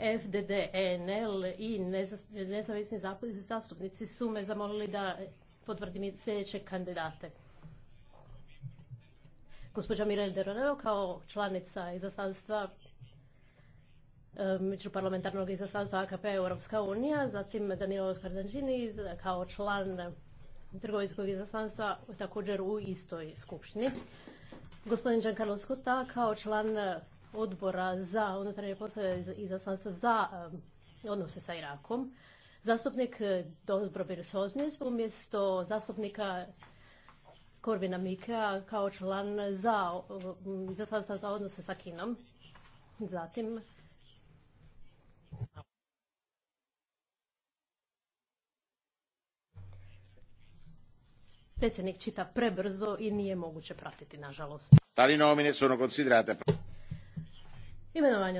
FDD, e i nezavisni zastupnici su me zamolili da potvrdim sljedeće kandidate. Gospođa Mirel Deronero kao članica izaslanstva e, međuparlamentarnog izaslanstva AKP Europska unija, zatim Danilo Skardanđini kao član trgovinskog izaslanstva također u istoj skupštini. Gospodin Giancarlo Scotta kao član odbora za unutarnje poslove i za odnose sa Irakom. Zastupnik eh, Dobrobir Soznic umjesto zastupnika Korbina Mika kao član za za odnose sa Kinom. Zatim predsjednik čita prebrzo i nije moguće pratiti, nažalost. Tali nomine sono considerate imenovanja